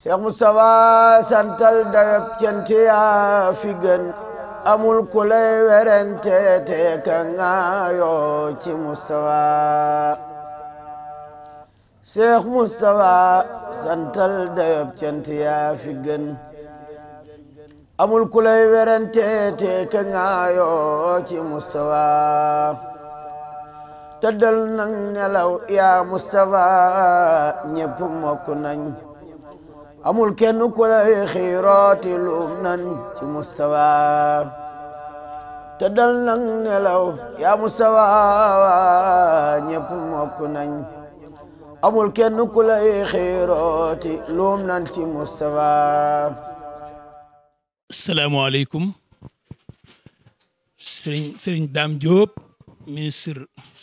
Seex Mustafa santal dayob cant yaa fi gën amul ku lay werante te ka ngaayoo ci Mustafa Seex fi gën amul ku lay werante te ka ngaayoo ci Mustafa tëddal nelaw yaa Mustafa ñépp mokk nañ amul kenn ku lay xiiraati luum nan ci mustawa te dal nang nelaw yaa mustawa ñépp mokk nañ amul kenn ku lay xiiraati luum nan ci mustawa salaamaaleykum sëriñ sëriñ Dame Diop ministre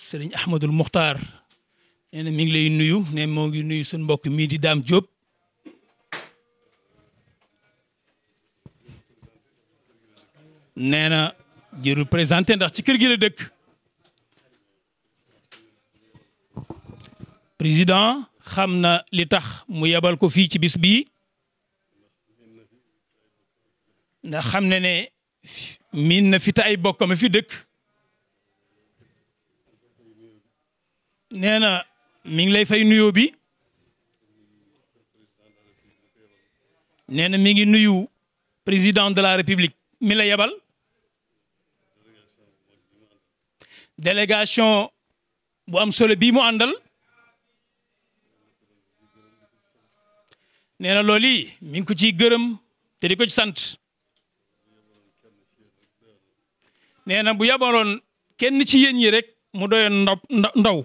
sëriñ Ahmadul Muxtaar nee na mi ngi lay nuyu ne moo ngi nuyu suñ mbokk mii di Dame Diop nee na jërul présenté ndax ci kër gi la dëkk président xam na li tax mu yebal ko fii ci bis bii ndax xam ne ne miin na fi te ay bokkam fi dëkk nee na mi ngi lay fay nuyoo bi nee na mi ngi nuyu président de la république mi la yebal délégation bu am solo bii mu àndal nee na loolu yi mi ngi ko ciy gërëm te di ko ci sant nee na bu yabaloon kenn ci yéen ñi rek mu doyoon ndaw ndaw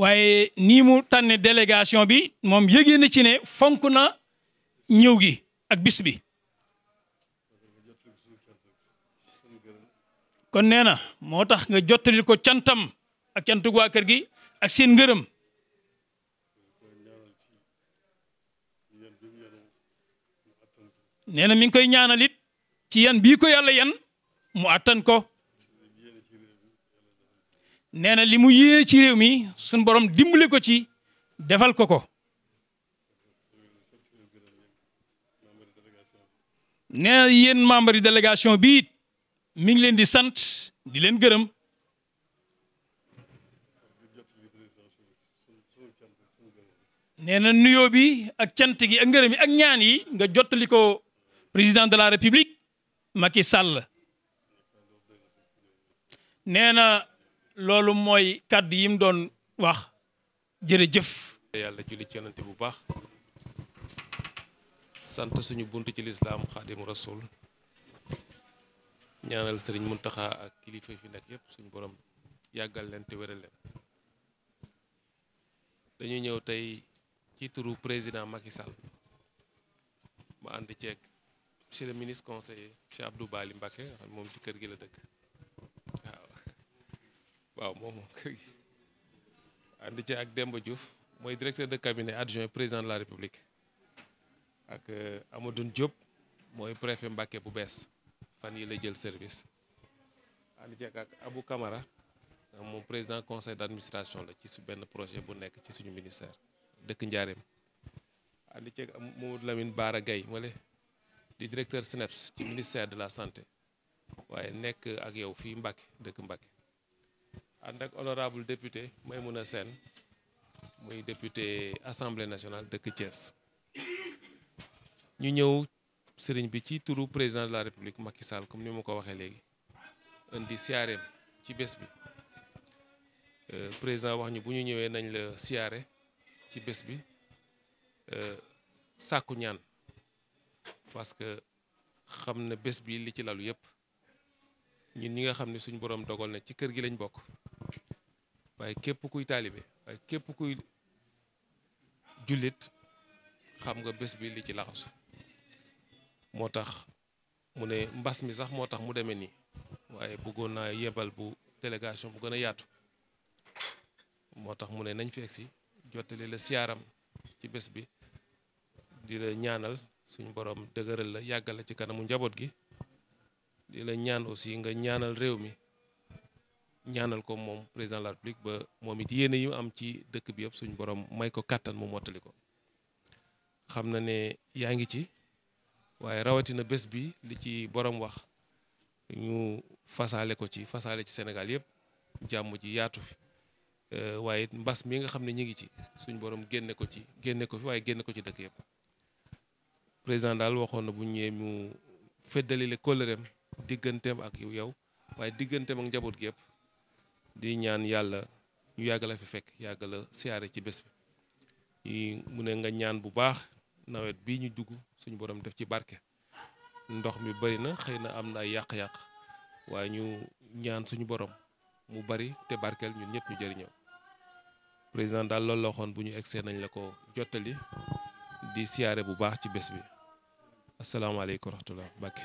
waaye nii mu tànne délégation bi moom yëgee na ci ne fonk na ñëw gi ak bis bi kon nee na moo tax nga jottalil ko cantam ak cantu waa kër gi ak seen ngërëm nee na mi ngi koy ñaanal it ci yan bii ko yàlla yan mu attan ko nee na li mu yéene ci réew mi suñu borom dimbali ko ci defal ko ko nee na yéen membre yi mi ngi leen di sant di leen gërëm nee na nuyoo bi ak cant gi ak ngërëm yi ak ñaan yi nga jottali ko président de la république Macky Sall nee na loolu mooy kàddu yim doon wax jërëjëf. yàlla ci yonent bu baax sant suñu bunt ci lislaam xaadimu rasul ñaanal sëriñ taxa ak kilifa fi nekk yépp suñu borom yàggal leen te wéral dañu ñëw tey ci turu président Macky Sall ma ànd ceeg monsieur le ministre conseiller monsieur Abdou Bali Mbacké xam moom ci kër gi la dëkk waaw waaw moom kër gi ànd ceeg ak Demba Diouf mooy directeur de cabinet adjoint président de la République ak euh, Amadou Diop mooy préfet Mbacké bu bees fan yi la jël service ànd ceeg ak Abou Camara moom président conseil d'administration la ci su benn projet bu nekk ci suñu ministère dëkk Njaareem ànd ceeg Mamadou Lamine gay Gaye wala di directeur SNEPS ci ministère de la santé waaye nekk ak yow fii Mbacké dëkk Mbacké ànd ak honorable député Maymouna Sène muy député assemblée nationale dëkk Thiès ñu ñëw sëriñ bi ci turu président de la république Macky Sall comme ni ma ko waxee léegi indi siyaareem ci bés bi euh, président wax ñu bu ñu ñëwee nañ la siyaare ci bés bi euh, sàkku ñaan parce que xam na bés bi li ci lalu yépp ñun ñi nga xam ne suñu borom dogal na ci kër gi lañ bokk waaye képp kuy taalibe waaye képp kuy jullit xam nga bés bi li ci laxasu moo tax mu ne mbas mi sax moo tax mu demee nii waaye bëggoon naa yebal bu délégation bu gën a yaatu moo tax mu ne nañ fi si jottali la siyaaram ci bés bi di la ñaanal suñu boroom dëgëral la yàggal la ci kanamu njaboot gi di la ñaan aussi nga ñaanal réew mi ñaanal ko moom président la république ba moom it yéene yi am ci dëkk bi yëpp suñ boroom may ko kàttan mu mottali ko xam na ne yaa ngi ci waaye rawatina bés bi li ci borom wax ñu fasaale ko ci fasaale ci senegal yëpp jàmm ji yaatu fi euh, waaye mbas mi nga xam ne ñu ngi ci suñ borom génne ko ci génne ko fi waaye génne ko ci dëkk yëpp président daal waxoon na bu ñëwee mu feddali le kóllëreem digganteem ak yow waaye digganteem ak njaboot gi yëpp di ñaan yàlla ñu yàgg la fi fekk yàgg la siyaare ci bés bi mu ne nga ñaan bu baax nawet bii ñu dugg suñu borom def ci barke ndox mi bari na xëy na am na yàq-yàq waaye ñu ñaan suñu borom mu bari te barkeel ñun ñëpp ñu jëriñoo président daal loolu la bu ñu egg egsee nañ la ko jottali di siyaare bu baax ci bés bi asalaamaaleykum wa rahmatulah Mbàkke